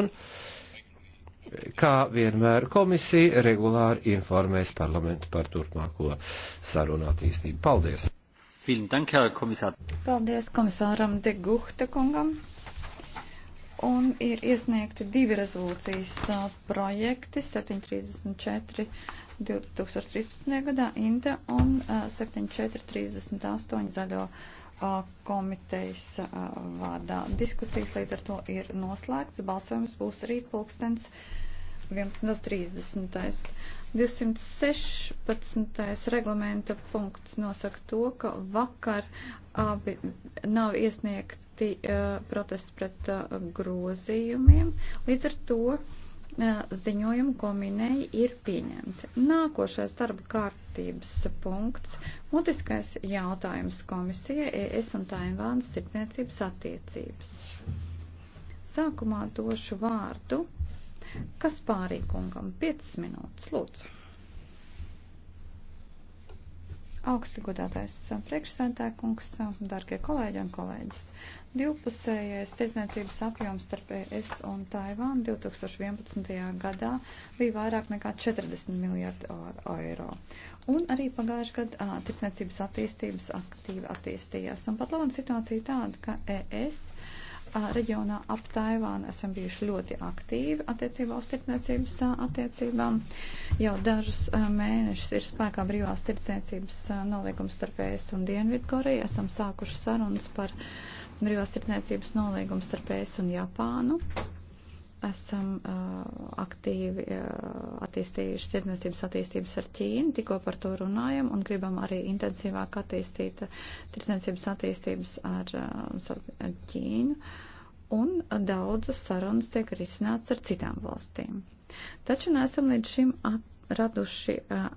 Un, kā vienmēr, komisija regulāri informēs parlamentu par turpmāko sarunu attīstību. Paldies! Paldies komisāram De Guhta kungam. Un ir iesniegti divi rezolūcijas projekti 734 2013. gadā Inta un 7438 zaļo komitejas vārdā. Diskusijas līdz ar to ir noslēgts. Balsojums būs rīt pulkstens 11.30. 216. reglamenta punkts nosaka to, ka vakar abi nav iesniegti protesti pret grozījumiem. Līdz ar to ziņojumu, ko minēja, ir pieņemti. Nākošais darba kārtības punkts - mutiskais jautājums komisija ES un Taivānas tirdzniecības attiecības. Sākumā došu vārdu Kaspārī kungam 5 minūtes, lūdzu. Augsti godātais priekšsēdētājs, darbie kolēģi un kolēģis. Divpusējais tirdzniecības apjoms starp ES un Taivānu 2011. gadā bija vairāk nekā 40 miljardi eiro. Un arī pagājuši gadu tirdzniecības attīstības aktīvi attīstījās. Un pat labāk situācija tāda, ka ES. Uh, reģionā ap Taivānu esam bijuši ļoti aktīvi attiecībā uz tirdzniecības attiecībām. Jau dažus mēnešus ir spēkā brīvās tirdzniecības nolīgums starp ES un Dienvidkoreju. Esam sākuši sarunas par brīvās tirdzniecības nolīgumu starp ES un Japānu esam uh, aktīvi uh, attīstījuši tirdzniecības attīstības ar Ķīnu, tikko par to runājam un gribam arī intensīvāk attīstīt uh, tirdzniecības attīstības ar uh, Ķīnu. Un daudzas sarunas tiek risināts ar citām valstīm. Taču neesam līdz šim raduši uh,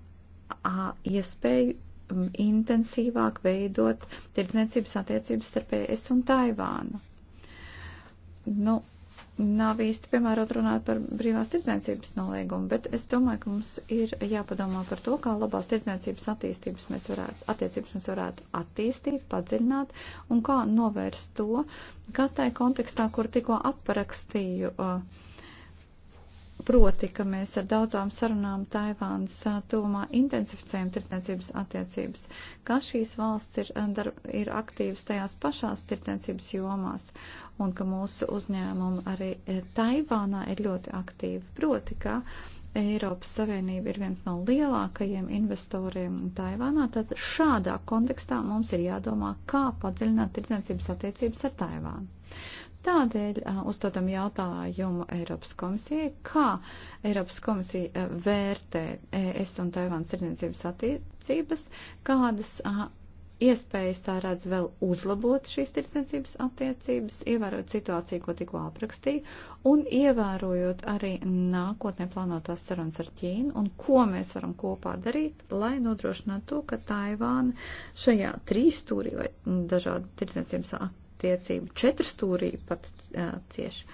uh, iespēju um, intensīvāk veidot tirdzniecības attiecības starp ES un Taivānu. Nu, nav īsti piemērot runāt par brīvās tirdzniecības nolīgumu, bet es domāju, ka mums ir jāpadomā par to, kā labās tirdzniecības attīstības mēs varētu, attiecības mēs varētu attīstīt, padziļināt un kā novērst to, kā tai kontekstā, kur tikko aprakstīju. Uh, Proti, ka mēs ar daudzām sarunām Taivānas tuvumā intensificējam tirdzniecības attiecības, ka šīs valsts ir, dar, ir aktīvas tajās pašās tirdzniecības jomās un ka mūsu uzņēmumi arī Taivānā ir ļoti aktīvi. Proti, ka Eiropas Savienība ir viens no lielākajiem investoriem Taivānā, tad šādā kontekstā mums ir jādomā, kā padziļināt tirdzniecības attiecības ar Taivānu. Tādēļ uzdodam jautājumu Eiropas komisijai, kā Eiropas komisija vērtē ES un Taivānas tirdzniecības attiecības, kādas iespējas tā redz vēl uzlabot šīs tirdzniecības attiecības, ievērot situāciju, ko tikko aprakstīju, un ievērojot arī nākotnē plānotās sarunas ar Ķīnu, un ko mēs varam kopā darīt, lai nodrošinātu to, ka Taivāna šajā trīstūrī vai dažādu tirdzniecības attiecības attiecību četrstūrī pat cieši.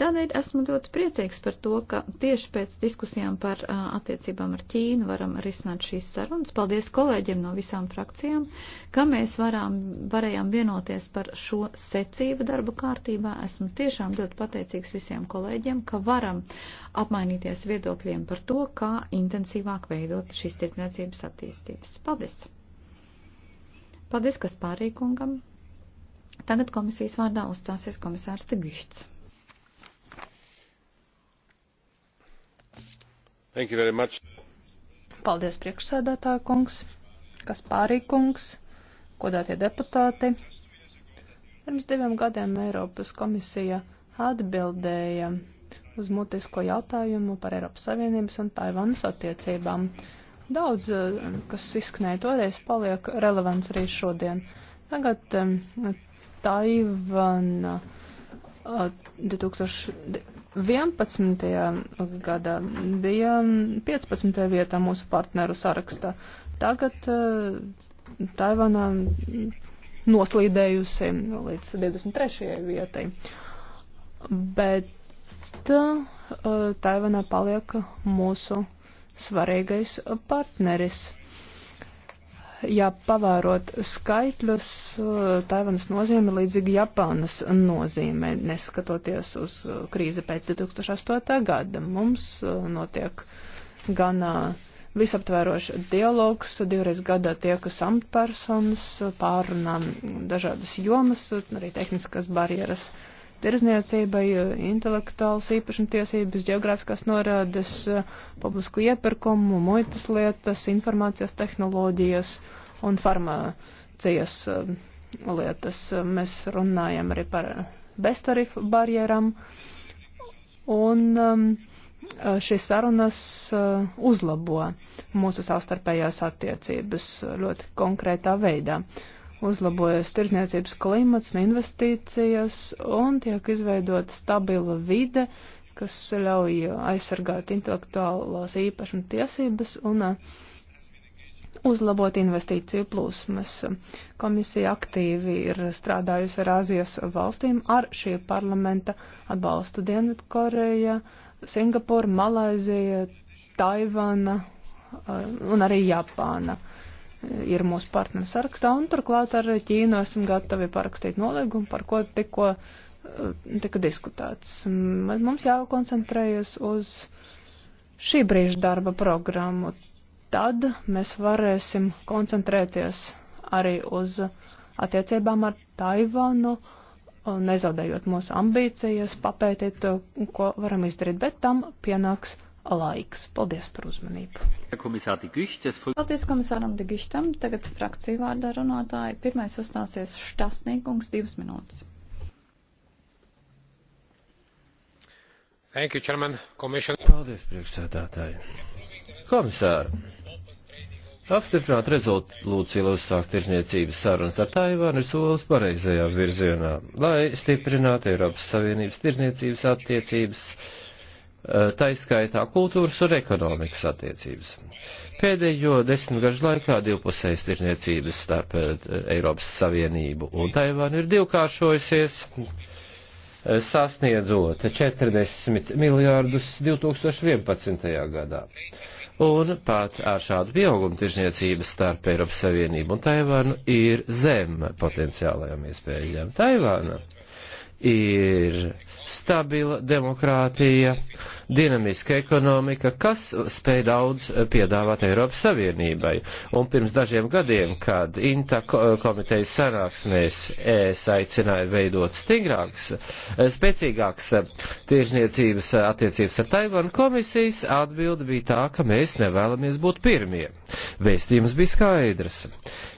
Tādēļ esmu ļoti priecīgs par to, ka tieši pēc diskusijām par attiecībām ar Ķīnu varam risināt šīs sarunas. Paldies kolēģiem no visām frakcijām, ka mēs varām, varējām vienoties par šo secību darba kārtībā. Esmu tiešām ļoti pateicīgs visiem kolēģiem, ka varam apmainīties viedokļiem par to, kā intensīvāk veidot šīs tirdzniecības attīstības. Paldies! Paldies, kas pārīkungam! Tagad komisijas vārdā uzstāsies komisārs Tegišts. Paldies priekšsēdētāja kungs, kas pārī kungs, kodātie deputāti. Pirms diviem gadiem Eiropas komisija atbildēja uz mutisko jautājumu par Eiropas Savienības un Taivānas attiecībām. Daudz, eh, kas izskanēja toreiz, paliek relevants arī šodien. Tagad eh, Taivana 2011. gadā bija 15. vietā mūsu partneru sarakstā. Tagad Taivana noslīdējusi līdz 23. vietai. Bet Taivana paliek mūsu svarīgais partneris ja pavērot skaitļus, Taivanas nozīme līdzīgi Japānas nozīme, neskatoties uz krīzi pēc 2008. gada. Mums uh, notiek gan uh, visaptvēroša dialogs, divreiz gadā tiekas amatpersonas, pārunām dažādas jomas, arī tehniskas barjeras tirzniecībai, e, intelektuāls īpašumtiesības, geogrāfiskās norādes, e, publisku iepirkumu, muitas lietas, informācijas tehnoloģijas un farmācijas e, lietas. Mēs runājam arī par beztarifu barjeram. Un šīs sarunas uzlabo mūsu savstarpējās attiecības ļoti konkrētā veidā. Uh, uzlabojas tirzniecības klimats un investīcijas, un tiek izveidota stabila vide, kas ļauj aizsargāt intelektuālās īpašuma tiesības un uh, uzlabot investīciju plūsmas. Komisija aktīvi ir strādājusi ar Āzijas valstīm, ar šī parlamenta atbalstu Dienvidkoreja, Singapūra, Malaizija, Taivana uh, un arī Japāna. Uh, ir mūsu partneru sarakstā, un turklāt ar Ķīnu esam gatavi parakstīt nolīgumu, par ko tikko eh, tika diskutēts. Mums jākoncentrējas uz šī brīža darba programmu. Tad mēs varēsim koncentrēties arī uz attiecībām ar Taivānu, nezaudējot mūsu ambīcijas, papētīt, ko varam izdarīt, bet tam pienāks laiks. Paldies par uzmanību. Paldies komisāram de Gištam. Tagad frakcija vārdā runātāji. Pirmais uzstāsies Štasnīgungs divas minūtes. Thank you, Chairman, Commission. Paldies, priekšsēdētāji. Komisāri. Apstiprināt rezolūciju, lai uzsākt tirzniecības sarunas ar Taivānu ir solis pareizajā virzienā, lai stiprinātu Eiropas Savienības tirzniecības attiecības Eh, taiskaitā kultūras un ekonomikas attiecības. Pēdējo desmitgažu laikā divpusējas tirzniecības starp eh, Eiropas Savienību un Taivānu ir divkāršojusies, eh, sasniedzot 40 miljārdus 2011. gadā. Un pat ar šādu pieaugumu tirzniecības starp Eiropas Savienību un Taivānu ir zem potenciālajām iespējām. Taivāna ir stabila demokrātija, uh, dinamiska ekonomika, kas spēj daudz eh, piedāvāt Eiropas Savienībai. Un pirms dažiem gadiem, kad INTA komitejas sanāksmēs es aicināju veidot stingrāks, eh, spēcīgāks eh, tiešniecības attiecības ar Taivanu komisijas, atbildi bija tā, ka mēs nevēlamies būt pirmie. Vēstījums bija skaidrs.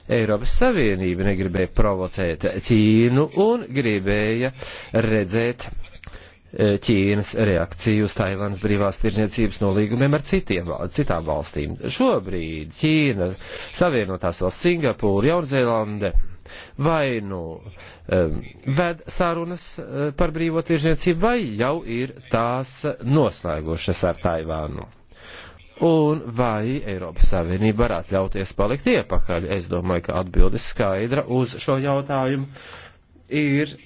Eiropas Savienība negribēja provocēt Ķīnu un gribēja redzēt E, Ķīnas reakciju uz Taivānas brīvās tirdzniecības nolīgumiem ar citiem, citām valstīm. Šobrīd Ķīna, Savienotās valsts Singapūra, Jaunzēlande vai nu um, ved sarunas e, par brīvo tirdzniecību vai jau ir tās noslēgušas ar Taivānu. Un vai Eiropas Savienība var atļauties palikt iepakaļ? Es domāju, ka atbildes skaidra uz šo jautājumu ir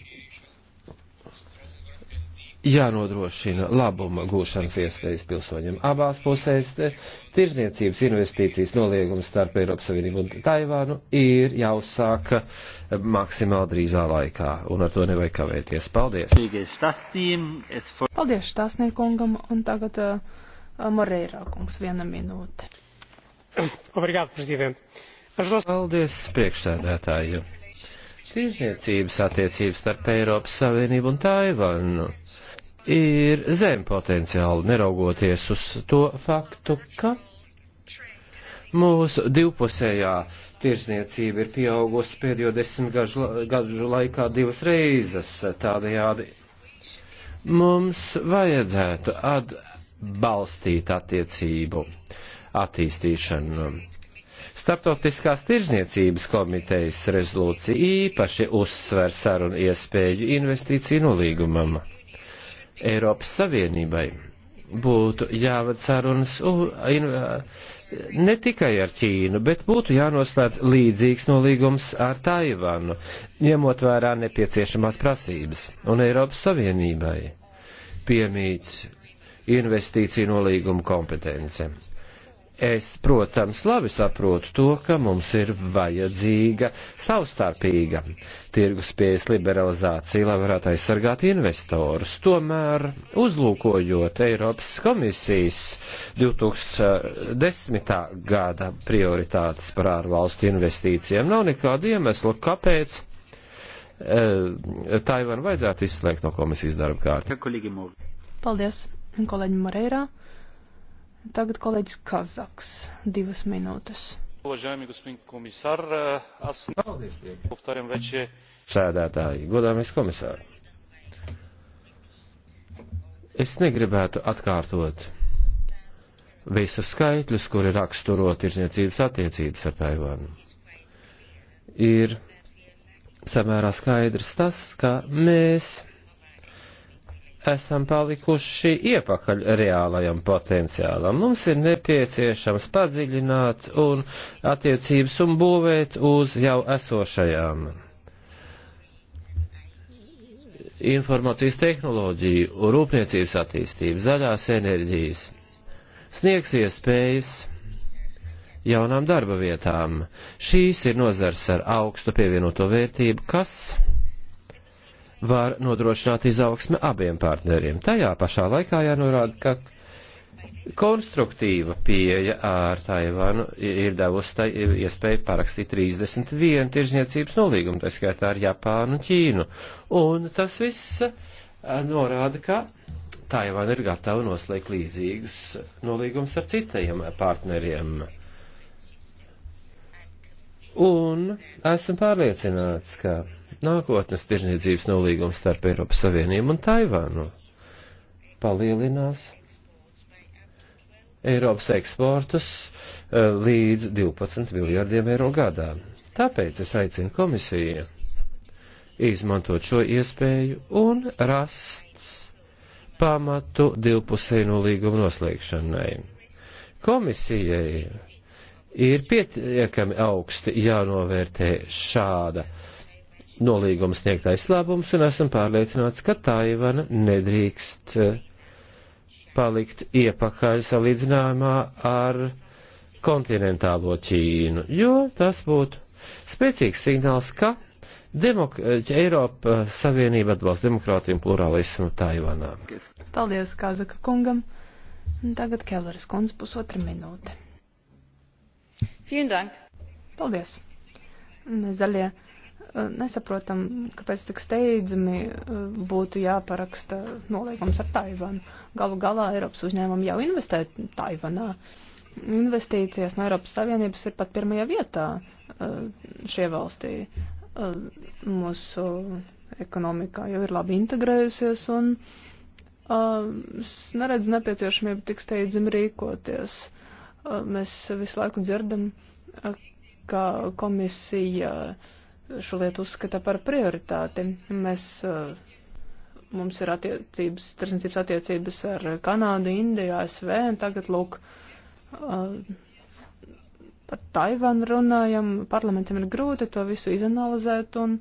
jānodrošina labuma gūšanas iespējas pilsoņiem abās pusēs. Eh, tirzniecības investīcijas noliegums starp Eiropas Savienību un Taivānu ir jāuzsāk eh, maksimāli drīzā laikā, un ar to nevajag kavēties. Paldies! Paldies Štāsniekungam, un tagad uh, Moreira kungs viena minūte. Obrigāt, prezident! Paldies, priekšsēdētāji! Tirzniecības attiecības starp Eiropas Savienību un Taivānu ir zem potenciāli, neraugoties uz to faktu, ka mūsu divpusējā tirzniecība ir pieaugusi pēdējo desmit gažu, gažu laikā divas reizes. Tādējādi mums vajadzētu atbalstīt attiecību attīstīšanu. Startautiskās tirzniecības komitejas rezolūcija īpaši uzsver sarunu iespēju investīciju nolīgumam. No Eiropas Savienībai būtu jāved sarunas ne tikai ar Ķīnu, bet būtu jānoslēdz līdzīgs nolīgums ar Taivānu, ņemot vērā nepieciešamās prasības. Un Eiropas Savienībai piemīt investīciju nolīgumu kompetence. Es, protams, labi saprotu to, ka mums ir vajadzīga savstarpīga tirgus pieejas liberalizācija, lai varētu aizsargāt investorus. Tomēr, uzlūkojot Eiropas komisijas 2010. gada prioritātes par ārvalstu investīcijiem, nav nekāda iemesla, kāpēc e, Taivanu vajadzētu izslēgt no komisijas darba kārtas. Paldies, kolēģi Moreira. Tagad kolēģis Kazaks, divas minūtes. Уважаеми господин комисар, аз повтарям вече. Sēdētāji, godāmies komisāri. Es negribētu atkārtot visas skaitļus, kuri raksturo tirzniecības attiecības ar Taivānu. Ir samērā skaidrs tas, ka mēs esam palikuši iepakaļ reālajam potenciālam. Mums ir nepieciešams padziļināt un attiecības un būvēt uz jau esošajām informācijas tehnoloģiju, rūpniecības attīstību, zaļās enerģijas, sniegs iespējas jaunām darba vietām. Šīs ir nozars ar augstu pievienoto vērtību, kas var nodrošināt izaugsme abiem partneriem. Tajā pašā laikā jānorāda, ka konstruktīva pieeja ar Taivānu ir devusi tai iespēju parakstīt 31 tirzniecības nolīgumu, tā skaitā ar Japānu un Ķīnu. Un tas viss eh, norāda, ka Taivāna ir gatava noslēgt līdzīgus nolīgumus ar citajiem partneriem. Un esmu pārliecināts, ka nākotnes tirzniecības nolīgums starp Eiropas Savienību un Taivānu palielinās Eiropas eksportus eh, līdz 12 miljardiem eiro gadā. Tāpēc es aicinu komisiju izmantot šo iespēju un rast pamatu divpusēju nolīgumu noslēgšanai. Komisijai ir pietiekami augsti jānovērtē šāda uh, nolīguma sniegtais labums, un esam pārliecināti, ka Taivana nedrīkst eh, palikt iepakaļ salīdzinājumā ar kontinentālo Ķīnu, jo tas būtu spēcīgs signāls, ka Demok eh, Eiropa Savienība atbalsta demokrātiju un plurālismu Taivānā. Paldies Kazaka kungam. Un tagad Kelleris kundze pusotra minūte. Vielen Dank. Paldies. Mēs zaļie nesaprotam, kāpēc tik steidzami būtu jāparaksta nolīgums ar Taivanu. Galu galā Eiropas uzņēmumi jau investē Taivanā. Investīcijas no Eiropas Savienības ir pat pirmajā vietā šie valstī. Mūsu ekonomikā jau ir labi integrējusies un es neredzu nepieciešamību tik steidzami rīkoties. Mēs visu laiku dzirdam, ka komisija uh, šo lietu uzskata par prioritāti. Mēs, eh, mums ir attiecības, tirsniecības attiecības ar Kanādu, Indiju, ASV, un tagad, lūk, eh, par Taivānu runājam. Parlamentam ir grūti to visu izanalizēt un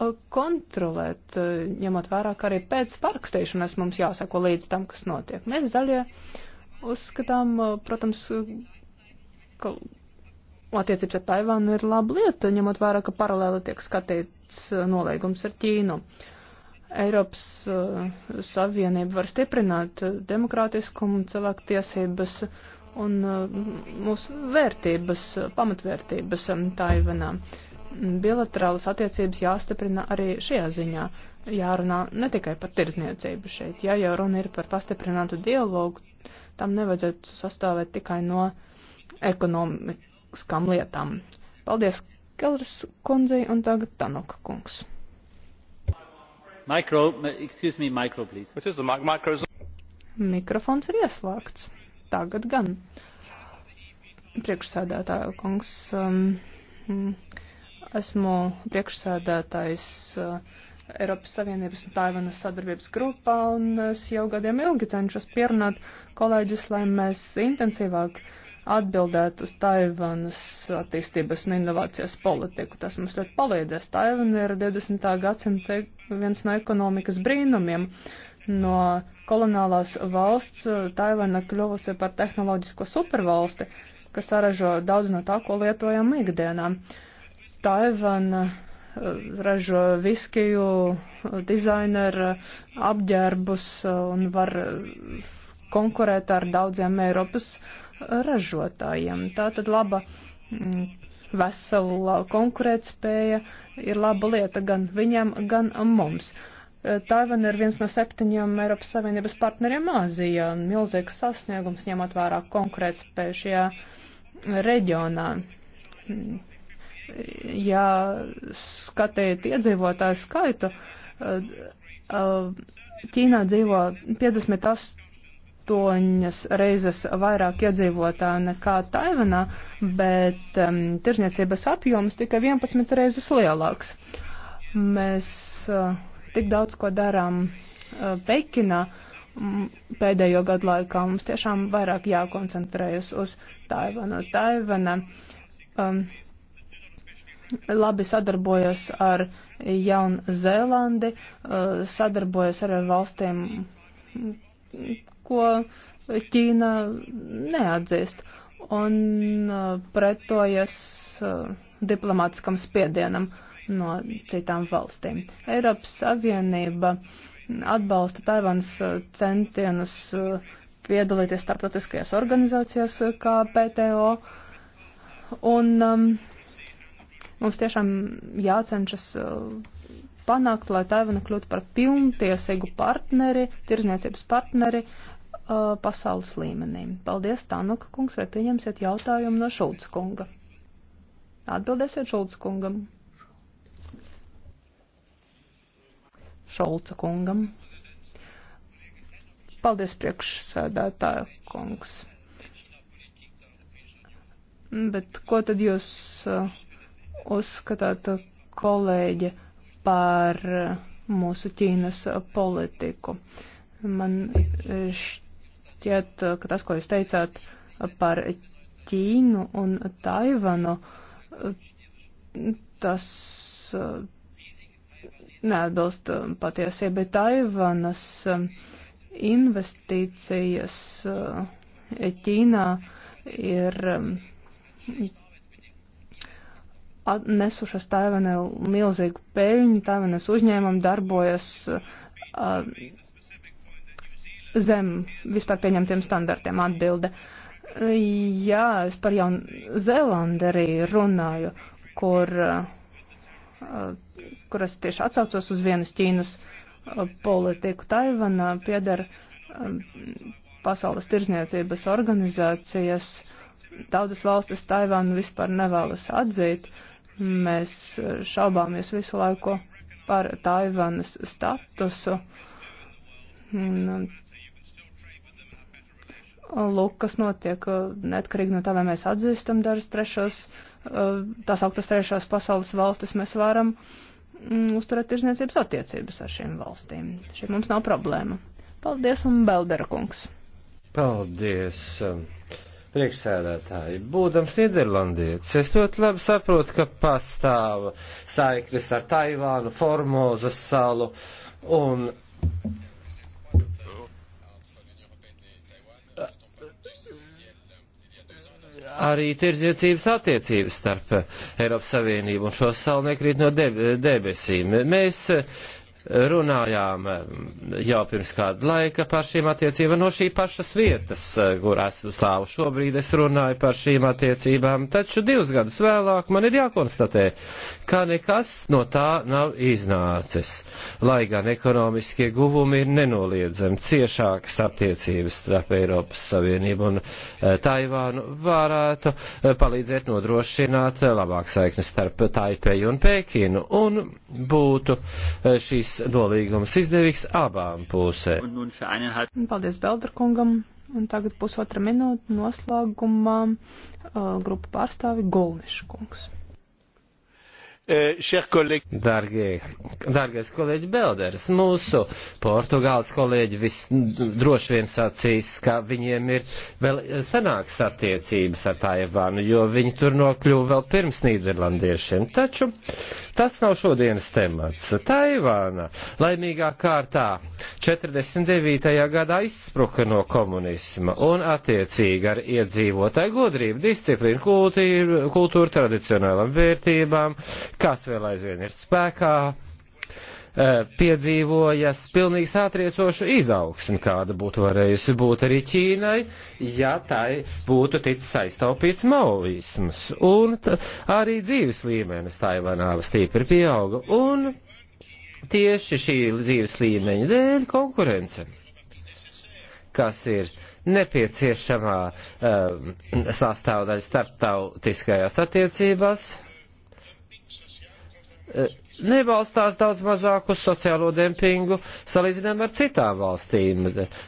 eh, kontrolēt, ņemot vērā, ka arī pēc parakstīšanas mums jāsako līdz tam, kas notiek. Mēs zaļie uzskatām, protams, ka attiecības ar Taivānu ir laba lieta, ņemot vērā, ka paralēli tiek skatīts uh, nolīgums ar Ķīnu. Eiropas uh, Savienība var stiprināt uh, demokrātiskumu, cilvēku tiesības un uh, mūsu vērtības, uh, pamatvērtības um, Taivanā. Bilaterālas attiecības jāstiprina arī šajā ziņā. Jārunā ne tikai par tirzniecību šeit. Ja jau runa ir par pastiprinātu dialogu, tam nevajadzētu sastāvēt tikai no ekonomikas politiskām lietām. Paldies Kelras kundzei un tagad Tanoka kungs. Micro, me, micro, please. Mikrofons ir ieslēgts. Tagad gan. Priekšsēdētāja kungs, um, esmu priekšsēdētājs uh, Eiropas Savienības un Taivanas sadarbības grupā, un es jau gadiem ilgi cenšos pierunāt kolēģus, lai mēs intensīvāk uh, atbildēt uz Taivanas attīstības un inovācijas politiku. Tas mums ļoti palīdzēs. Taivana ir 20. gadsimta viens no ekonomikas brīnumiem. No kolonālās valsts eh, Taivana kļuvusi par tehnoloģisko supervalsti, kas saražo daudz no tā, ko lietojam ikdienā. Taivana eh, ražo viskiju, dizaineru, apģērbus eh, un var konkurēt ar daudziem Eiropas uh, ražotājiem. Tā tad laba mm, vesela konkurētspēja ir laba lieta gan viņiem, gan mums. Eh, Taivana ir viens no septiņiem Eiropas Savienības partneriem Āzijā un milzīgs sasniegums ņemot vērā konkurētspēju šajā reģionā. Mm, ja skatiet iedzīvotāju skaitu, eh, eh, Ķīnā dzīvo 58 astoņas reizes vairāk iedzīvotāju nekā Taivanā, bet um, tirzniecības apjoms tikai 11 reizes lielāks. Mēs uh, tik daudz ko darām uh, Pekinā pēdējo gadu laikā. Mums tiešām vairāk jākoncentrējas uz Taivanu. Taivana um, labi sadarbojas ar Jaunzēlandi, uh, sadarbojas ar valstīm, ko Ķīna neatzīst un uh, pretojas uh, diplomātiskam spiedienam no citām valstīm. Eiropas Savienība atbalsta Taivānas uh, centienus piedalīties starptautiskajās organizācijās kā PTO. Un um, mums tiešām jācenšas uh, panākt, lai Taivana kļūtu par pilntiesīgu partneri, tirzniecības partneri uh, pasaules līmenī. Paldies, Tanuka kungs, vai pieņemsiet jautājumu no Šulca kunga? Atbildēsiet Šulca kungam. Šulca kungam. Paldies, priekšsēdētāja kungs. Bet ko tad jūs uh, uzskatāt, uh, kolēģi, par uh, mūsu Ķīnas politiku? Man uh, šķiet, šķiet, ka tas, ko jūs teicāt par Ķīnu un Taivanu, tas eh, neatbilst patiesībai. Taivanas eh, investīcijas eh, Ķīnā ir nesušas Taivanai milzīgu peļņu. Taivanas uzņēmumi darbojas zem vispār pieņemtiem standartiem atbilde. Jā, es par Jaunu Zelandu arī runāju, kur, eh, kur es tieši atsaucos uz vienas Ķīnas eh, politiku. Taivana piedara eh, pasaules tirzniecības organizācijas. Daudzas valstis Taivānu vispār nevēlas atzīt. Mēs šaubāmies visu laiku par Taivānas statusu. Un lūk, kas notiek, uh, neatkarīgi no tā, vai mēs atzīstam dažas trešās, uh, tās augtas trešās pasaules valstis, mēs varam mm, uzturēt tirzniecības attiecības ar šīm valstīm. Šī mums nav problēma. Paldies un Beldera kungs. Paldies. Um, priekšsēdētāji, būdams Nīderlandietis, es ļoti labi saprotu, ka pastāv saiknes ar Taivānu, Formozas salu un arī tirdzniecības attiecības starp Eiropas Savienību un šo salu nekrīt no debesīm. Mēs runājām eh, jau pirms kāda laika par šīm attiecībām no šī pašas vietas, eh, kur esmu stāvu šobrīd, es runāju par šīm attiecībām, taču divus gadus vēlāk man ir jākonstatē, ka nekas no tā nav iznācis, lai gan ekonomiskie guvumi ir nenoliedzami ciešākas attiecības starp Eiropas Savienību un eh, Taivānu varētu palīdzēt nodrošināt labāk saiknes starp Taipēju un Pekinu un būtu šīs šis nolīgums izdevīgs abām pusēm. Paldies Belderkungam. Un tagad pusotra minūte noslēgumā uh, grupu pārstāvi Golniša kungs. Eh, Dargie, dargais kolēģi Belders, mūsu Portugāles kolēģi visdroši vien sacīs, ka viņiem ir vēl senāks attiecības ar Taivānu, jo viņi tur nokļuva vēl pirms Nīderlandiešiem. Taču Tas nav šodienas temats. Taivāna laimīgā kārtā 49. gadā izspruka no komunisma un attiecīgi ar iedzīvotāju godrību, disciplīnu, kultūru, kultūru tradicionālam vērtībām, kas vēl aizvien ir spēkā Eh, piedzīvojas pilnīgi sātriecošu izaugsmi, kāda būtu varējusi būt arī Ķīnai, ja tai būtu ticis aiztaupīts maoisms. Un tas arī dzīves līmenis Taivanā stīpri pieauga. Un tieši šī dzīves līmeņa dēļ konkurence, kas ir nepieciešamā um, sastāvdaļa starptautiskajās attiecībās, uh, nebalstās daudz mazāk uz sociālo dempingu salīdzinām ar citām valstīm.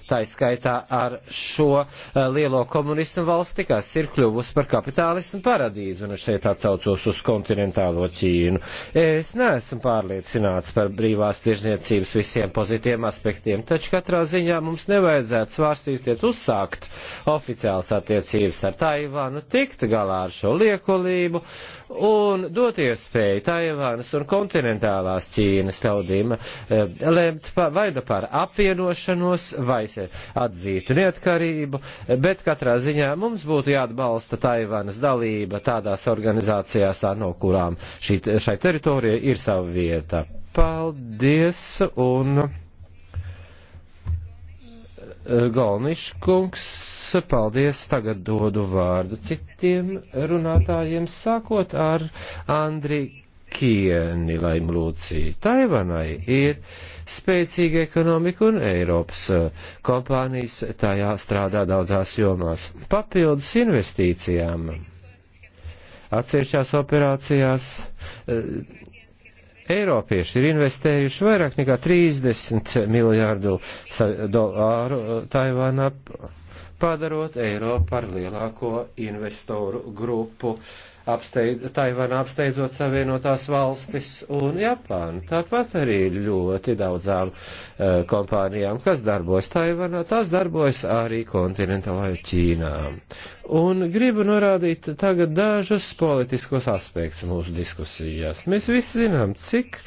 Tā izskaitā ar šo eh, lielo komunismu valsti, kas ir kļuvusi par kapitālismu paradīzu, un es šeit atsaucos uz kontinentālo Ķīnu. Es neesmu pārliecināts par brīvās tirzniecības visiem pozitīviem aspektiem, taču katrā ziņā mums nevajadzētu svārstīties uzsākt oficiāls attiecības ar Taivānu, tikt galā ar šo liekolību un dot iespēju Taivānas un kontinentālo kontinentālās Ķīnas ļaudīm eh, lemt vai nu par apvienošanos, vai atzītu neatkarību, bet katrā ziņā mums būtu jāatbalsta Taivanas dalība tādās organizācijās, no kurām šī, šai teritorijai ir sava vieta. Paldies un eh, Galniškungs, paldies, tagad dodu vārdu citiem runātājiem, sākot ar Andri kieni, lai mlūcī. Taivanai ir spēcīga ekonomika un Eiropas eh, kompānijas tajā strādā daudzās jomās. Papildus investīcijām atsevišķās operācijās eh, Eiropieši ir investējuši vairāk nekā 30 miljārdu dolāru eh, Taivānā, padarot Eiropu par lielāko investoru grupu uh, apsteidz, Taivana apsteidzot Savienotās valstis un Japānu. Tāpat arī ļoti daudzām uh, kompānijām, kas darbojas Taivanā, tās darbojas arī kontinentālajā Ķīnā. Un gribu norādīt tagad dažus politiskos aspektus mūsu diskusijās. Mēs visi zinām, cik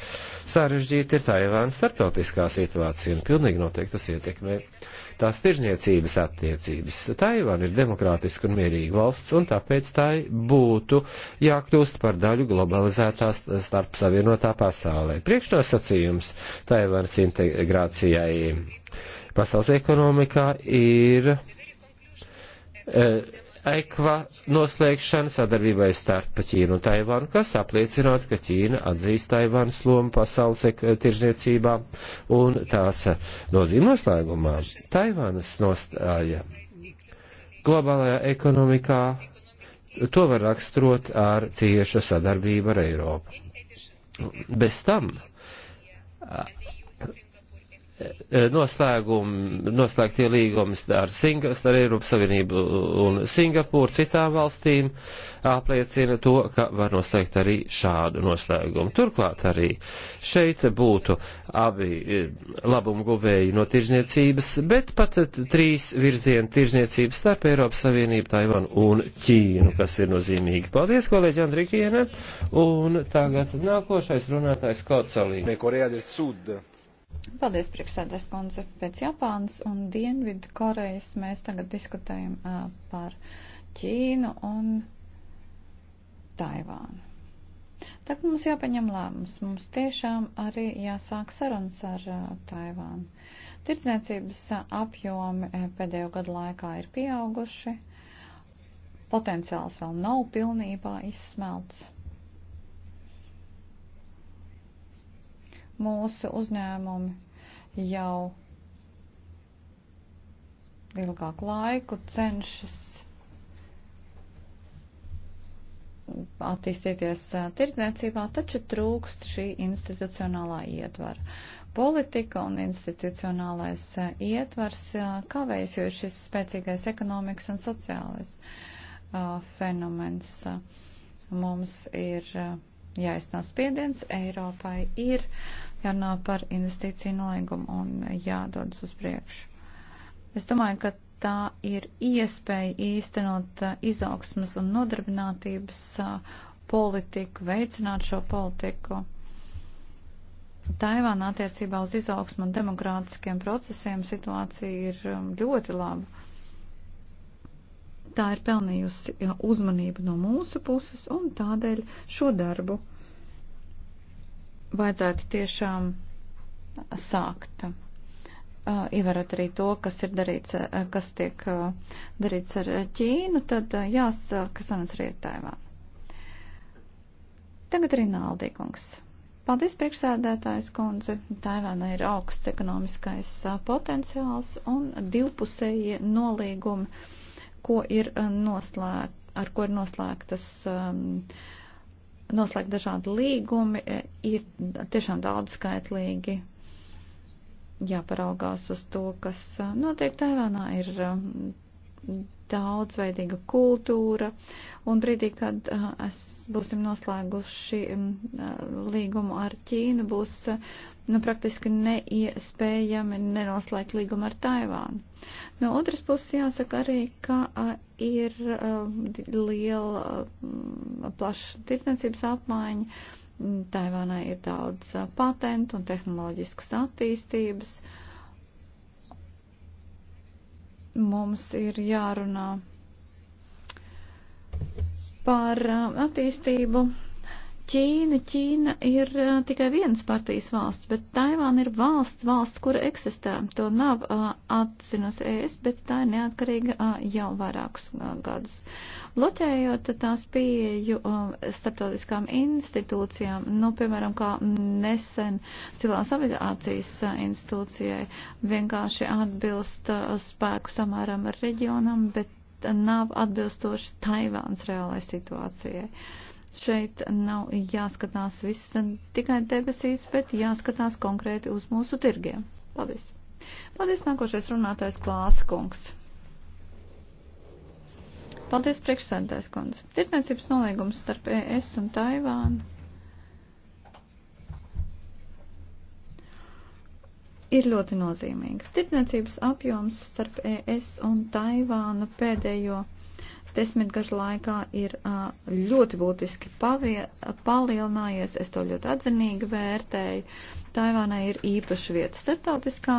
sarežģīta ir Taivāna starptautiskā situācija un pilnīgi noteikti tas ietekmē tās tirzniecības attiecības. Taivāna ir demokrātiska un mierīga valsts, un tāpēc tai būtu jākļūst par daļu globalizētās starp savienotā pasaulē. Priekšnosacījums Taivānas integrācijai pasaules ekonomikā ir. E, ekva noslēgšana sadarbībai starp Ķīnu un Taivānu, kas apliecinātu, ka Ķīna atzīst Taivānas lomu pasaules tirzniecībā un tās nozīme noslēgumā. Taivānas nostāja globālajā ekonomikā to var raksturot ar cieša sadarbību ar Eiropu. Bez tam Eh, eh, noslēgumi, noslēgtie līgumi ar, Singas, ar Eiropas Savienību un Singapūru citām valstīm apliecina to, ka var noslēgt arī šādu noslēgumu. Turklāt arī šeit būtu abi eh, labumu guvēji no tirzniecības, bet pat trīs virzienu tirzniecības starp Eiropas Savienību, Taivanu un Ķīnu, kas ir nozīmīgi. Paldies, kolēģi Andrikiene, un tagad nākošais runātājs Kocelī. Paldies, priekšsēdēs kundze. Pēc Japānas un Dienvidu Korejas mēs tagad diskutējam uh, par Ķīnu un Taivānu. Tagad mums jāpaņem lēmums. Mums tiešām arī jāsāk sarunas ar uh, Taivānu. Tirdzniecības apjomi pēdējo gadu laikā ir pieauguši. Potenciāls vēl nav pilnībā izsmelts mūsu uzņēmumi jau ilgāku laiku cenšas attīstīties tirdzniecībā, taču trūkst šī institucionālā ietvara. Politika un institucionālais ietvars kavējas, jo ir šis spēcīgais ekonomikas un sociālais fenomens. Mums ir jāiznās spiediens, Eiropai ir uh, jārunā par investīciju nolīgumu un jādodas uz priekšu. Es domāju, ka tā ir iespēja īstenot uh, izaugsmas un nodarbinātības uh, politiku, veicināt šo politiku. Taivāna attiecībā uz izaugsmu un demokrātiskiem procesiem situācija ir um, ļoti laba. Tā ir pelnījusi uh, uzmanību no mūsu puses un tādēļ šo darbu vajadzētu tiešām sākt. Uh, Ievarot arī to, kas ir darīts, uh, kas tiek uh, darīts ar Ķīnu, tad jāsaka, sanas arī ir Taivāna. Tagad arī Nāldīkungs. Paldies, priekšsēdētājs kundze. Taivāna ir augsts ekonomiskais potenciāls un divpusējie nolīgumi, ko ir noslēgt, ar ko ir noslēgtas. Um, noslēgt dažādi līgumi, e, ir tiešām daudz skaitlīgi jāparaugās uz to, kas e, notiek Taivānā, ir e, daudzveidīga kultūra, un brīdī, kad uh, es būsim noslēguši um, uh, līgumu ar Ķīnu, būs uh, nu, praktiski neiespējami nenoslēgt līgumu ar Taivānu. No otras puses jāsaka arī, ka uh, ir uh, liela uh, plaša tirdzniecības apmaiņa. Taivānai ir daudz uh, patentu un tehnoloģiskas attīstības. Uh, mums ir jārunā par uh, attīstību Ķīna, Ķīna ir tikai vienas partijas valsts, bet Taivāna ir valsts, valsts, kura eksistē. To nav uh, atzinusi es, bet tā ir neatkarīga uh, jau vairākus uh, gadus. Bloķējot tās pieeju uh, starptautiskām institūcijām, nu, piemēram, kā nesen civilās aviācijas uh, institūcijai, vienkārši atbilst uh, spēku samēram ar reģionam, bet nav atbilstoši Taivāns reālai situācijai. Uh, Šeit nav jāskatās viss tikai debesīs, bet jāskatās konkrēti uz mūsu tirgiem. Paldies! Paldies, nākošais runātājs Klāsa kungs. Paldies, priekšsēdētājs kundze. Tirdzniecības nolīgums starp ES un Taivānu. ir ļoti nozīmīga. Tirdzniecības apjoms starp ES un Taivānu pēdējo desmitgažu laikā ir ļoti būtiski pavie, palielinājies. Es to ļoti atzinīgi vērtēju. Taivānai ir īpaša vieta starptautiskā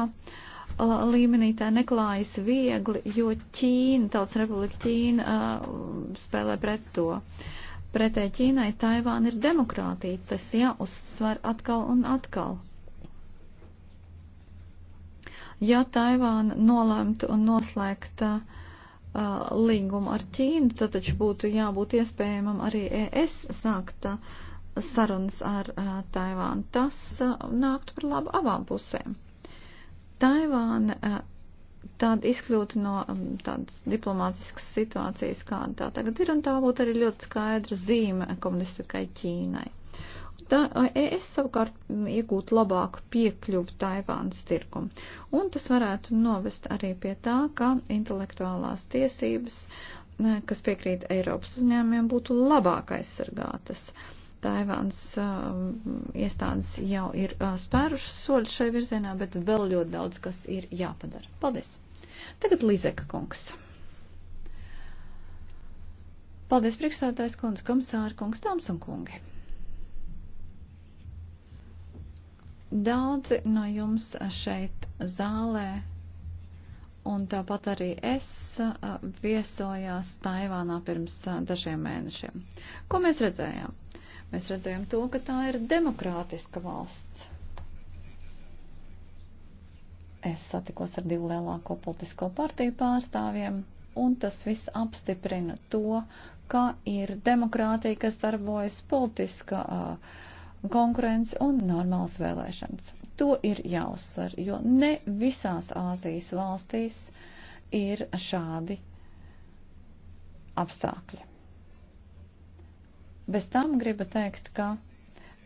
līmenī tā neklājas viegli, jo Ķīna, Tautas Republika Ķīna spēlē pret to. Pretēji Ķīnai Taivāna ir demokrātija, tas jāuzsver atkal un atkal. Ja Taivāna nolemtu un noslēgta uh, uh, līgumu ar Ķīnu, tad taču būtu jābūt iespējamam arī ES sākt uh, sarunas ar uh, Taivānu. Tas uh, nāktu par labu abām pusēm. Taivāna uh, tāda izkļūtu no um, tādas diplomātiskas situācijas, kāda tā tagad ir, un tā būtu arī ļoti skaidra zīme komunistiskai Ķīnai. Da, es savukārt mm, iegūtu labāku piekļuvu Taivānas tirkumu. Un tas varētu novest arī pie tā, ka intelektuālās tiesības, kas piekrīt Eiropas uzņēmumiem, būtu labāk aizsargātas. Taivāns uh, iestādes jau ir uh, spērušas soļus šai virzienā, bet vēl ļoti daudz, kas ir jāpadara. Paldies! Tagad Līzeka kungs. Paldies, priekšstādājs kundze, komisāri kungs, dāmas un kungi! Daudzi no jums šeit zālē un tāpat arī es viesojās Taivānā pirms dažiem mēnešiem. Ko mēs redzējām? Mēs redzējām to, ka tā ir demokrātiska valsts. Es satikos ar divu lielāko politisko partiju pārstāvjiem, un tas viss apstiprina to, ka ir demokrātija, kas darbojas politiska uh, konkurence un normāls vēlēšanas. To ir jāuzsver, jo ne visās Āzijas valstīs ir šādi apstākļi. Bez tam gribu teikt, ka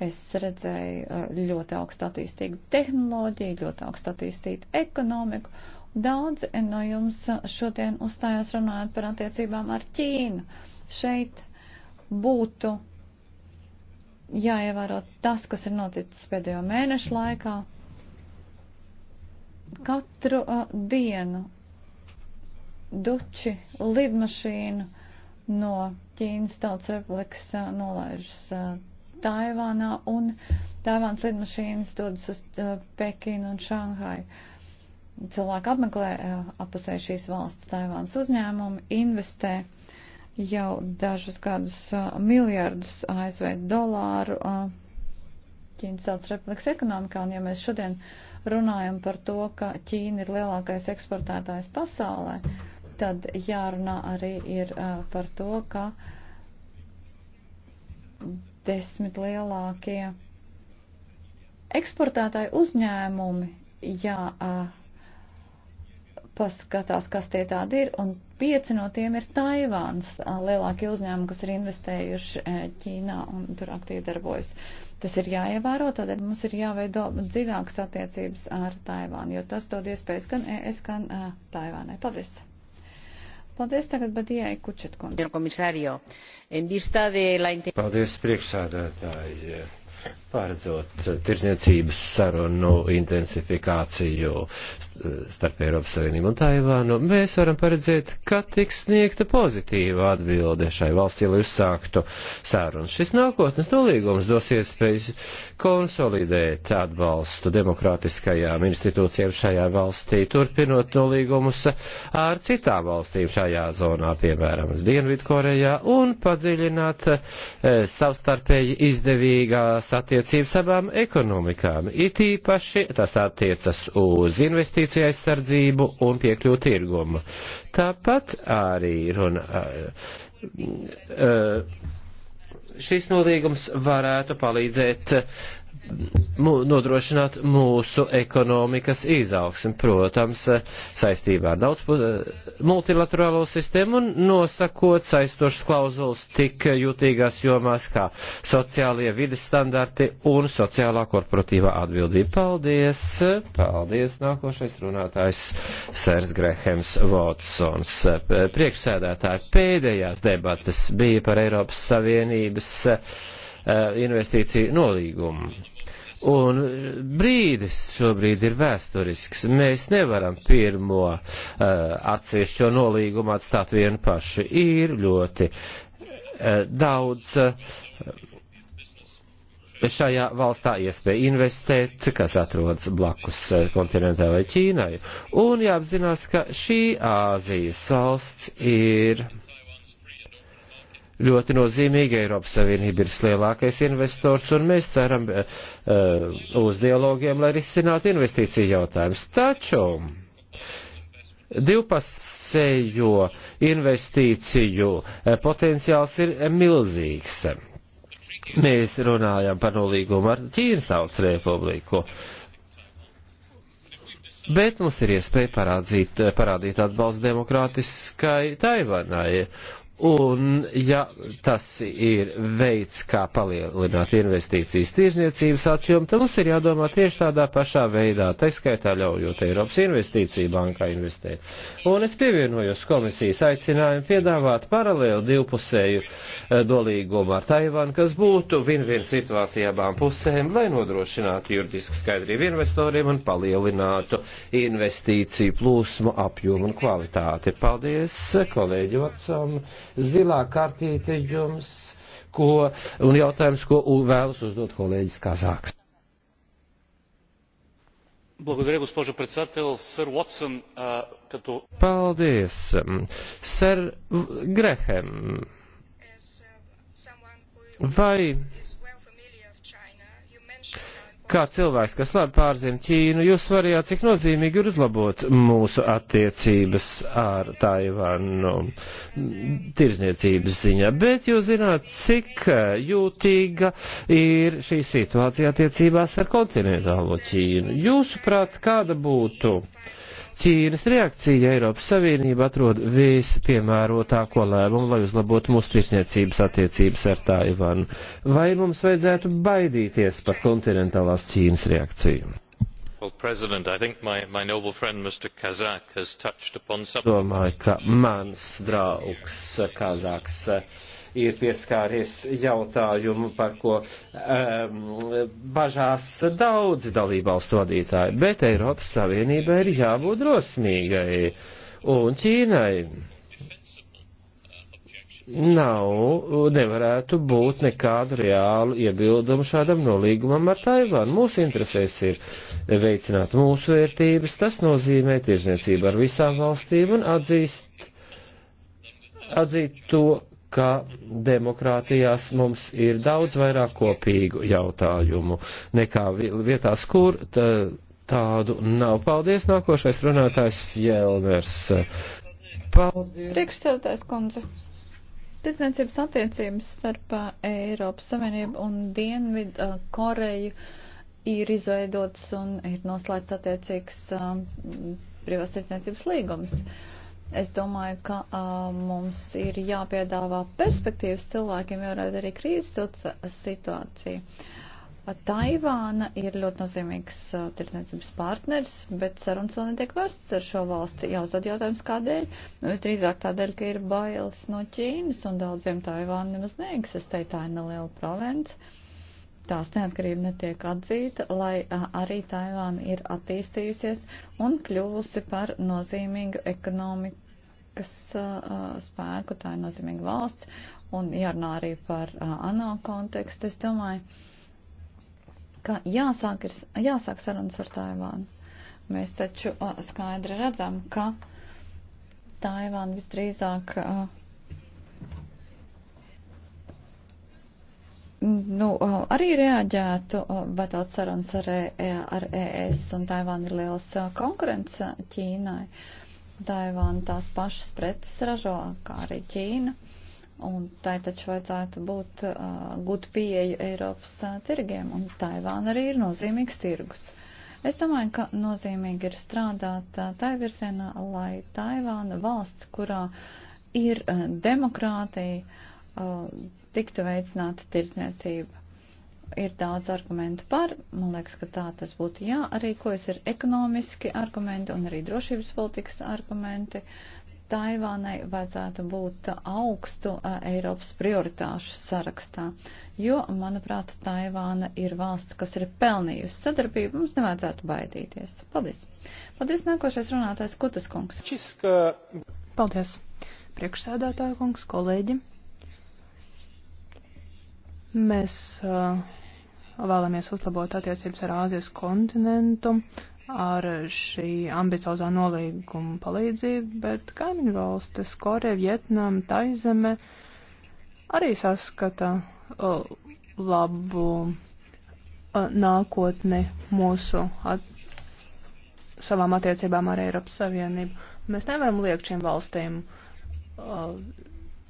es redzēju uh, ļoti augstu attīstītu tehnoloģiju, ļoti augstu attīstītu ekonomiku. Daudzi no jums uh, šodien uzstājās runājot par attiecībām ar Ķīnu. Šeit būtu jāievēro tas, kas ir noticis pēdējo mēnešu laikā. Katru uh, dienu duči lidmašīnu no Ķīnas Tautas Republikas uh, nolaižas uh, Taivānā un Taivāns lidmašīnas dodas uz uh, Pekinu un Šanhai. Cilvēki apmeklē uh, apusē šīs valsts Taivāns uzņēmumu, investē. Uh, jau dažus gadus miljardus ASV dolāru Ķīnas sauc republikas ekonomikā, un ja mēs šodien runājam par to, ka Ķīna ir lielākais eksportētājs pasaulē, tad jārunā arī ir par to, ka desmit lielākie eksportētāji uzņēmumi, jā, jāpaskatās, kas tie tādi ir, un pieci no tiem ir Taivāns, lielākie uzņēmumi, kas ir investējuši e, Ķīnā un tur aktīvi darbojas. Tas ir jāievēro, tādēļ mums ir jāveido dziļākas attiecības ar Taivānu, jo tas dod iespējas gan ES, gan e, Taivānai. Paldies! Paldies tagad, bet ieeja Kučetkundze. Paldies, priekšsādātāji! paredzot tirzniecības sarunu intensifikāciju starp Eiropas Savienību un Taivānu, mēs varam paredzēt, ka tiks sniegta pozitīva atbilde šai valstī, lai uzsāktu sarunas. Šis nākotnes nolīgums dos iespējas konsolidēt atbalstu demokrātiskajām institūcijām šajā valstī, turpinot nolīgumus ar citām valstīm šajā zonā, piemēram, Dienvidkorejā, un padziļināt e, savstarpēji izdevīgās attiecības attiecības abām ekonomikām. It īpaši tas attiecas uz investīciju aizsardzību un piekļuvu tirgumu. Tāpat arī runa. Uh, uh, šis nolīgums varētu palīdzēt nodrošināt mūsu ekonomikas izaugsmi, protams, eh, saistībā ar daudz eh, multilaterālo sistēmu un nosakot saistošas klauzulas tik jutīgās jomās kā sociālie vides standarti un sociālā korporatīvā atbildība. Paldies! Paldies! Nākošais runātājs Sērs Grehems Votsons. Priekšsēdētāji pēdējās debatas bija par Eiropas Savienības Eh, investīciju nolīgumu. Un brīdis šobrīd ir vēsturisks. Mēs nevaram pirmo uh, atsevišķo nolīgumu atstāt vienu pašu. Ir ļoti uh, daudz. Uh, šajā valstā iespēja investēt, kas atrodas blakus kontinentālajai Ķīnai. Un jāapzinās, ka šī Āzijas valsts ir ļoti nozīmīgi. Eiropas Savienība ir vislielākais investors, un mēs ceram uh, uz dialogiem, lai risinātu investīciju jautājumus. Taču divpasējo investīciju eh, potenciāls ir milzīgs. Mēs runājam par nolīgumu ar Ķīnas tautas republiku. Bet mums ir iespēja parādzīt, parādīt atbalstu demokrātiskai Taivanai. Un, ja tas ir veids, kā palielināt investīcijas tirzniecības apjomu, tad mums ir jādomā tieši tādā pašā veidā, tā skaitā ļaujot Eiropas investīciju bankā investēt. Un es pievienojos komisijas aicinājumu piedāvāt paralēli divpusēju eh, dolīgumu ar Taivānu, kas būtu vien-vien situācijā abām pusēm, lai nodrošinātu juridisku skaidrību investoriem un palielinātu investīciju plūsmu apjomu un kvalitāti. Paldies, kolēģi Vatsam! zilā kartīte jums, ko, un jautājums, ko vēlas uzdot kolēģis Kazāks. Благодаря, госпожо председател. Сър Уотсън, а, като... Палдес. Сър Грехем. Vai kā cilvēks, kas labi pārzina Ķīnu, jūs varējāt cik nozīmīgi ir uzlabot mūsu attiecības ar Taivānu tirzniecības ziņā, bet jūs zināt, cik eh, jūtīga ir šī situācija attiecībās ar kontinentālo Ķīnu. Jūsuprāt, kāda būtu uh, Ķīnas reakcija Eiropas Savienība atrod vispiemērotāko lēmumu, lai uzlabotu mūsu tirsniecības attiecības ar Taivanu. Vai mums vajadzētu baidīties par kontinentālās Ķīnas reakciju? Well, President, I think my, my noble friend Mr. Kazak has touched upon something. Domāju, ka mans draugs Kazaks. Uh, ir pieskāries jautājumu, par ko um, bažās daudzi dalībvalstu vadītāji, bet Eiropas Savienībai ir jābūt drosmīgai un Ķīnai nav, nevarētu būt nekādu reālu iebildumu šādam nolīgumam ar Taivānu. Mūsu interesēs ir veicināt mūsu vērtības, tas nozīmē tirzniecību ar visām valstīm un atzīst, atzīt to, ka demokrātijās mums ir daudz vairāk kopīgu jautājumu nekā vietās, kur tādu nav. Paldies, nākošais runātājs Fjellners. Paldies. Priekšstādātājs kundze. Tirzniecības attiecības starp Eiropas Savienību un Dienvidu Koreju ir izveidotas un ir noslēgts attiecīgs privās tirzniecības līgums. Uh, Es domāju, ka uh, mums ir jāpiedāvā perspektīvas cilvēkiem, jo redz arī krīzes situācija. Taivāna ir ļoti nozīmīgs uh, tirdzniecības partners, bet sarunas vēl netiek vests ar šo valsti. Jāuzdod jautājums, kādēļ? Nu, visdrīzāk tādēļ, ka ir bailes no Ķīnas un daudziem Taivāna nemaz neeksistē. Tā ir neliela province. Tās neatkarība netiek atzīta, lai a, arī Taivāna ir attīstījusies un kļuvusi par nozīmīgu ekonomiku Āfrikas spēku, tā ir nozīmīga valsts, un jārunā arī par ANO kontekstu. Es domāju, ka jāsāk, ir, jāsāk sarunas ar Taivānu. Mēs taču skaidri redzam, ka Taivāna visdrīzāk. Nu, arī reaģētu, bet tāds sarunas ar, e, ar ES un Taivāna ir liels konkurence Ķīnai. Uh, Taivāna tās pašas preces ražo, kā arī Ķīna. Un tai taču vajadzētu būt uh, gūt pieeju Eiropas uh, tirgiem, un Taivāna arī ir nozīmīgs tirgus. Es domāju, ka nozīmīgi ir strādāt uh, tai virzienā, lai Taivāna valsts, kurā ir uh, demokrātija, uh, tiktu veicināta tirdzniecība ir daudz argumentu par, man liekas, ka tā tas būtu jārīkojas, ir ekonomiski argumenti un arī drošības politikas argumenti. Taivānai vajadzētu būt augstu a, Eiropas prioritāšu sarakstā, jo, manuprāt, Taivāna ir valsts, kas ir pelnījusi sadarbību, mums nevajadzētu baidīties. Paldies. Paldies, nākošais runātājs Kutas kungs. Čiska. Paldies, priekšsēdētāja kungs, kolēģi. Mēs uh, vēlamies uzlabot attiecības ar Āzijas kontinentu, ar šī ambiciozā nolīguma palīdzību, bet kaimiņu valstis, Koreja, Vietnam, Taizeme arī saskata uh, labu uh, nākotni mūsu at savām attiecībām ar Eiropas Savienību. Mēs nevaram liekt šiem valstīm uh,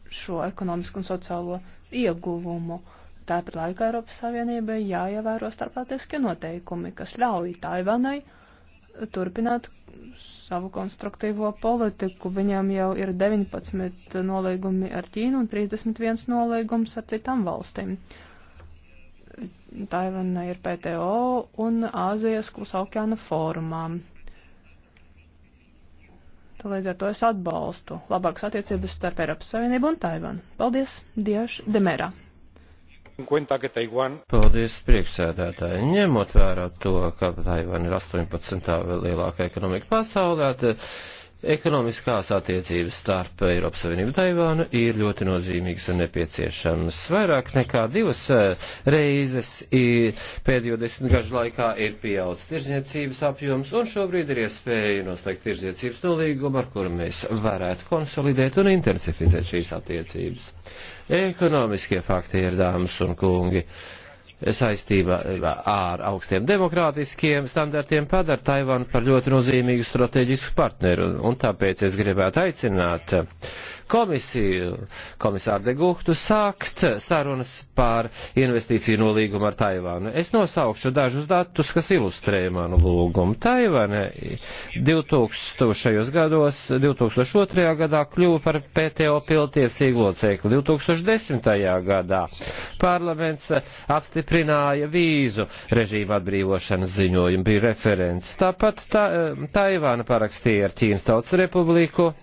šo ekonomisku un sociālo ieguvumu. Uh, Tāpat laikā Eiropas Savienībai jāievēro starptautiskie noteikumi, kas ļauj Taivanai turpināt savu konstruktīvo politiku. Viņām jau ir 19 nolīgumi ar Ķīnu un 31 nolīgums ar citām valstīm. Taivana ir PTO un Āzijas klusā okeāna fórumā. Līdz ar to es atbalstu labākas attiecības starp Eiropas Savienību un Taivanu. Paldies, Diešu Demērā! Paldies, priekšsēdētāji. Ņemot vērā to, ka Taivana ir 18. lielākā ekonomika pasaulē, tad Ekonomiskās attiecības starp Eiropas Savienību un Taivānu ir ļoti nozīmīgas un nepieciešamas. Vairāk nekā divas eh, reizes pēdējo desmitgažu laikā ir pieaudzis tirzniecības apjoms, un šobrīd ir iespēja noslēgt tirzniecības nolīgumu, ar kuru mēs varētu konsolidēt un intensificēt šīs attiecības. Ekonomiskie fakti ir dāmas un kungi. Uh, saistībā ar augstiem demokrātiskiem standartiem padara Taivanu par ļoti nozīmīgu strateģisku partneru. Un tāpēc es gribētu aicināt komisiju, komisāru Degūktu, sākt sarunas par investīciju nolīgumu ar Taivānu. Es nosaukšu dažus datus, kas ilustrē manu lūgumu. Taivana 2000. gados, 2002. gadā kļuva par PTO piltiesīgu locekli. 2010. gadā parlaments apstiprināja pastiprināja vīzu režīmu atbrīvošanas ziņojumu, bija referents. Tāpat tā, eh, Taivāna parakstīja ar Ķīnas Tautas Republiku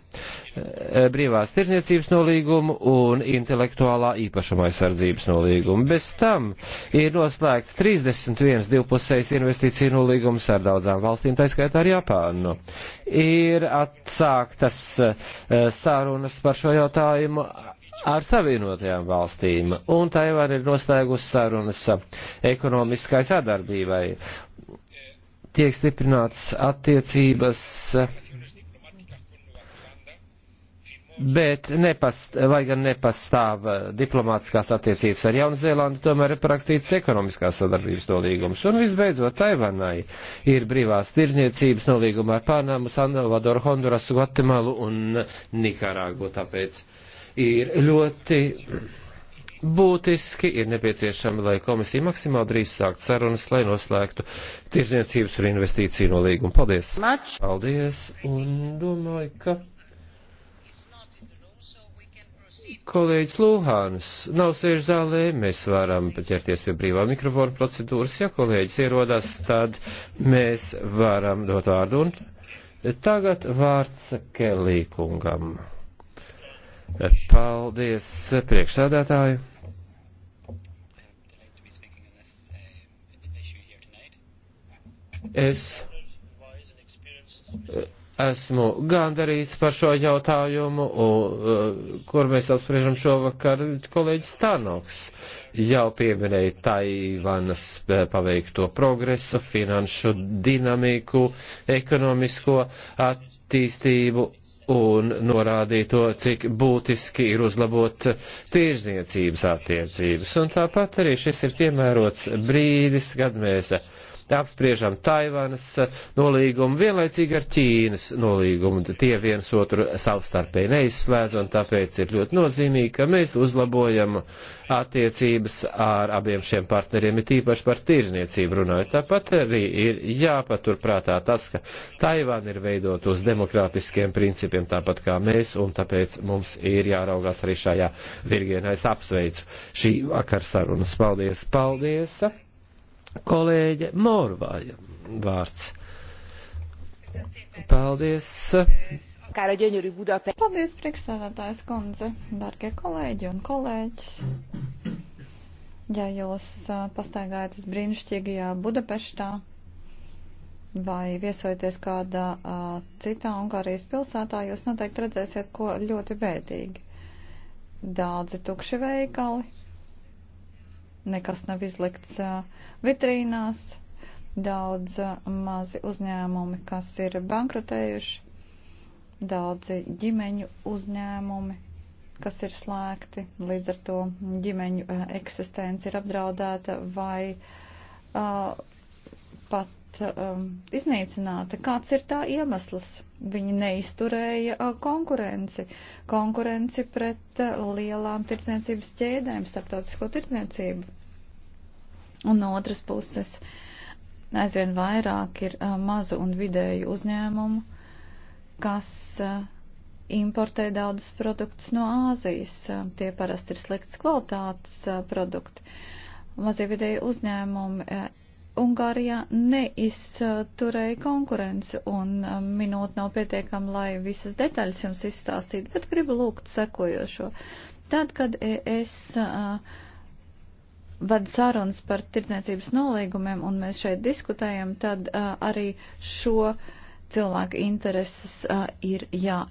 eh, brīvās tirniecības nolīgumu un intelektuālā īpašuma aizsardzības nolīgumu. Bez tam ir noslēgts 31 divpusējs investīciju nolīgums ar daudzām valstīm, tā skaitā ar Japānu. Ir atsāktas eh, sarunas par šo jautājumu ar savienotajām valstīm, un Taivāna ir nostājusi sarunas ekonomiskai sadarbībai. Tiek stiprināts attiecības, bet nepast, lai gan nepastāv diplomātiskās attiecības ar Jaunzēlandu, tomēr ir parakstīts ekonomiskās sadarbības nolīgums. Un visbeidzot, Taivanai ir brīvās tirzniecības nolīguma ar Panamu, San Salvadoru, Hondurasu, Gvatemalu un Nikarāgu. Tāpēc ir ļoti būtiski, ir nepieciešami, lai komisija maksimāli drīz sākt sarunas, lai noslēgtu tirzniecības un investīciju nolīgumu. Paldies! Much. Paldies! Un domāju, ka kolēģis Lūhāns nav sēž zālē, mēs varam ķerties pie brīvā mikrofona procedūras. Ja kolēģis ierodas, tad mēs varam dot vārdu. Un tagad vārds Kelī kungam. Paldies, priekšsādātāju. Es esmu gandarīts par šo jautājumu, un, kur mēs apspriežam šovakar. Kolēģis Stanoks jau pieminēja Taivanas e, paveikto progresu, finanšu dinamiku, ekonomisko attīstību un norādīja to, cik būtiski ir uzlabot tirzniecības attiecības. Un tāpat arī šis ir piemērots brīdis, kad mēs uh, apspriežam Taivānas eh, nolīgumu vienlaicīgi ar Ķīnas nolīgumu. Tie viens otru savstarpēji neizslēdz, un tāpēc ir ļoti nozīmīgi, ka mēs uzlabojam attiecības ar abiem šiem partneriem, it īpaši par tirzniecību runājot. Tāpat arī ir jāpaturprātā tas, ka Taivāna ir veidot uz demokrātiskiem principiem tāpat kā mēs, un tāpēc mums ir jāraugās arī šajā virgienā. Es apsveicu šī vakar sarunas. Paldies! Paldies! kolēģe Morvāja vārds. Paldies. Kāra ģeņuri Budapē. Paldies, priekšsēdētājs kundze, dargie kolēģi un kolēģis. Ja jūs pastaigājaties brīnišķīgajā Budapeštā vai viesojaties kādā citā Ungārijas pilsētā, jūs noteikti redzēsiet, ko ļoti vērtīgi. Daudzi tukši veikali, nekas nav izlikts vitrīnās, daudz mazi uzņēmumi, kas ir bankrotējuši, daudzi ģimeņu uzņēmumi, kas ir slēgti, līdz ar to ģimeņu eksistence ir apdraudēta vai uh, pat iznīcināta. Kāds ir tā iemesls? Viņi neizturēja konkurenci. Konkurenci pret lielām tirdzniecības ķēdēm, starptautisko tirdzniecību. Un no otras puses, aizvien vairāk ir uh, mazu un vidēju uzņēmumu, kas uh, importē daudzas produktus no Āzijas. Uh, tie parasti ir sliktas kvalitātes uh, produkti. Mazie vidēji uzņēmumi uh, Ungārijā neizturēja konkurenci un minūte nav pietiekama, lai visas detaļas jums izstāstītu, bet gribu lūgt sekojošo. Tad, kad es. Uh, ved sarunas par tirdzniecības nolīgumiem, un mēs šeit diskutējam, tad uh, arī šo cilvēku intereses uh, ir jāievēro.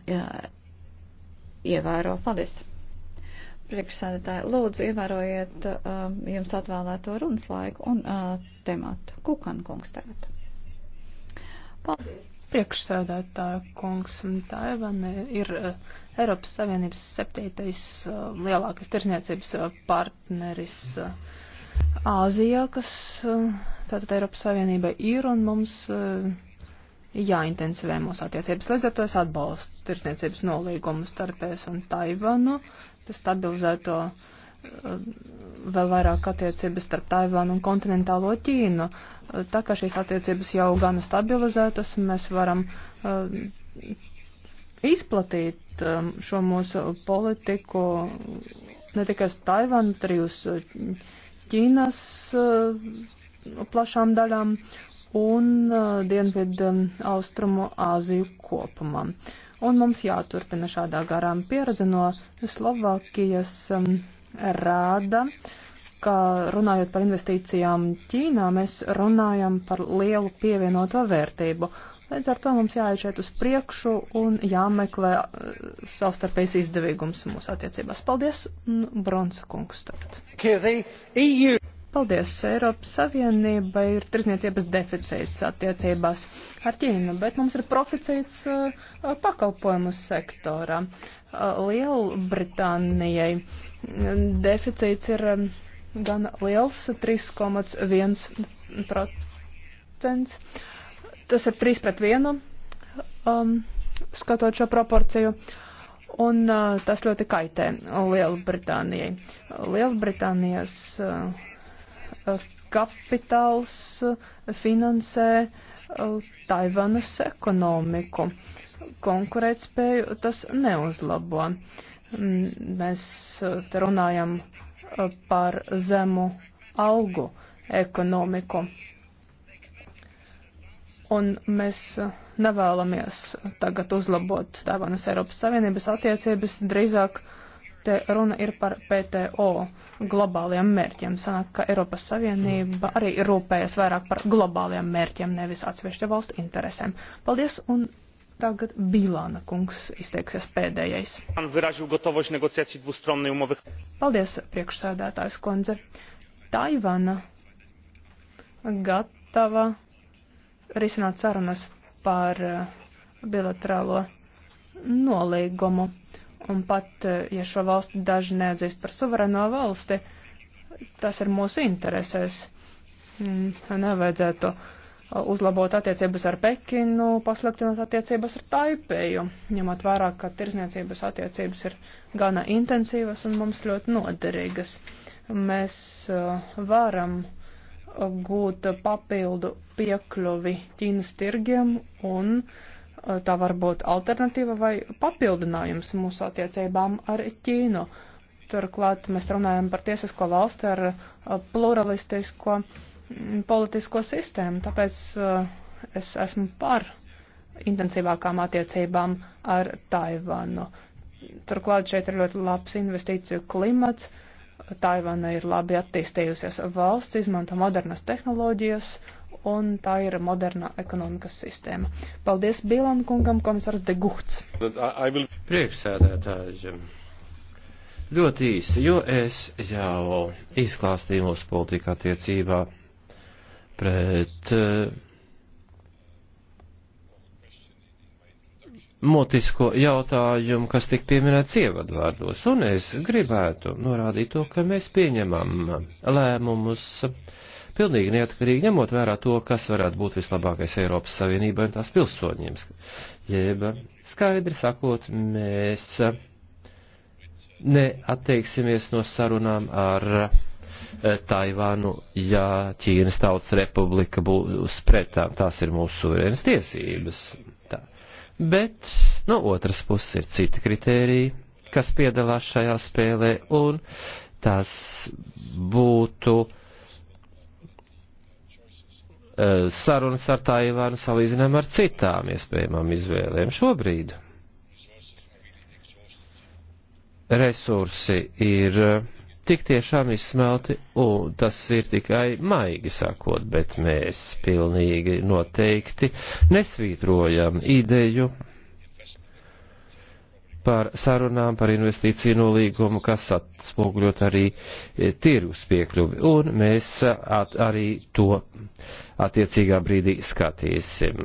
Jā, Paldies! Priekšsēdētāji, lūdzu, ievērojiet uh, jums atvēlēto runas laiku un uh, tematu. Kukan kungs tagad. Paldies! Priekšsēdētāja kungs un Taivana ir uh, Eiropas Savienības septītais uh, lielākais tirsniecības uh, partneris. Uh, Āzijā, kas eh, tātad Eiropas Savienība ir un mums eh, jāintensivē mūsu attiecības. Līdz ar to es atbalstu tirsniecības nolīgumu starp ES un Taivanu. Tas stabilizēto eh, vēl vairāk attiecības starp Taivānu un kontinentālo Ķīnu. Tā kā šīs attiecības jau gana stabilizētas, mēs varam izplatīt šo mūsu politiku ne tikai uz Taivānu, bet arī uz Ķīnu. Ķīnas eh, plašām daļām un eh, Dienvidu eh, Austrumu Āziju kopumā. Un mums jāturpina šādā garām pieredze no Slovākijas rāda, ka runājot par investīcijām Ķīnā, mēs runājam par lielu pievienoto vērtību Līdz ar to mums jāiet šeit uz priekšu un jāmeklē uh, savstarpējs izdevīgums mūsu attiecībās. Paldies, Bronsa kungs. E Paldies, Eiropas Savienība ir tirzniecības deficīts attiecībās ar Ķīnu, bet mums ir proficīts uh, pakalpojumu sektorā. Uh, Lielbritānijai mm, deficīts ir um, gan liels - 3,1%. Tas ir 3 pret 1, um, skatot šo proporciju. Un uh, tas ļoti kaitē Lielbritānijai. Lielbritānijas uh, uh kapitāls uh, finansē uh, Taivanas ekonomiku. Konkurētspēju tas neuzlabo. Mm, mēs uh, te runājam uh, par zemu algu ekonomiku. Uh, Un mēs eh, nevēlamies tagad uzlabot Tāvanas Eiropas Savienības attiecības, drīzāk te runa ir par PTO globāliem mērķiem. Sanāk, ka Eiropas Savienība arī rūpējas vairāk par globāliem mērķiem, nevis atsevišķu valstu interesēm. Paldies, un tagad Bīlāna kungs izteiksies pēdējais. Paldies, priekšsēdētājs kundze. Taivana gatava risināt sarunas par eh, bilaterālo nolīgumu. Un pat, eh, ja šo valsti daži neatzīst par suverēno valsti, tas ir mūsu interesēs. Mm, nevajadzētu eh, uzlabot attiecības ar Pekinu, pasliktinot attiecības ar Taipēju, ņemot vērā, ka tirzniecības attiecības ir gana intensīvas un mums ļoti noderīgas. Mēs varam uh, gūt papildu piekļuvi Ķīnas tirgiem un eh, tā var būt alternatīva vai papildinājums mūsu attiecībām ar Ķīnu. Turklāt mēs runājam par tiesisko valsti ar eh, pluralistisko mm, politisko sistēmu, tāpēc eh, es esmu par intensīvākām attiecībām ar Taivānu. Turklāt šeit ir ļoti labs investīciju klimats. Uh, Taivana ir labi attīstījusies valsts, izmanto modernas tehnoloģijas un tā ir modernā ekonomikas sistēma. Paldies Bīlam kungam, komisārs De Guhts. Will... Priekšsēdētāji, ļoti īsi, jo es jau izklāstīju mūsu politiku attiecībā pret. Uh, mutisko jautājumu, kas tik pieminēts ievadvārdos, un es gribētu norādīt to, ka mēs pieņemam lēmumus pilnīgi neatkarīgi ņemot vērā to, kas varētu būt vislabākais Eiropas Savienībai un tās pilsoņiem. Jeb, skaidri sakot, mēs neatteiksimies no sarunām ar eh, Taivānu, ja Ķīnas Tautas Republika būs pretām. Tās ir mūsu suverēnas tiesības. Tā bet no otras puses ir citi kritēriji, kas piedalās šajā spēlē, un tas būtu eh, sarunas ar Taivānu salīdzinām ar citām iespējamām izvēlēm šobrīd. Resursi ir eh, tik tiešām izsmelti, un tas ir tikai maigi sakot, bet mēs pilnīgi noteikti nesvītrojam ideju par sarunām par investīciju nolīgumu, kas atspoguļot arī e, tirgus piekļuvi, un mēs at, arī to attiecīgā brīdī skatīsim.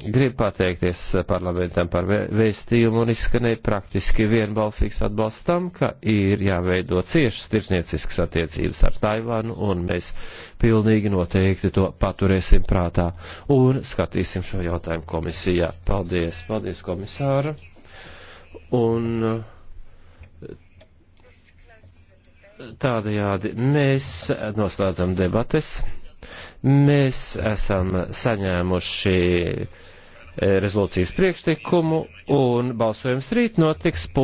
Gribu pateikties parlamentam par vēstījumu un izskanēja praktiski vienbalsīgs atbalsts tam, ka ir jāveido ciešas tirsnieciskas attiecības ar Taivānu un mēs pilnīgi noteikti to paturēsim prātā un skatīsim šo jautājumu komisijā. Paldies, paldies komisāra. Un eh, tādajādi mēs noslēdzam debates. Mēs esam saņēmuši eh, rezolūcijas priekšlikumu un balsojums rīt notiks.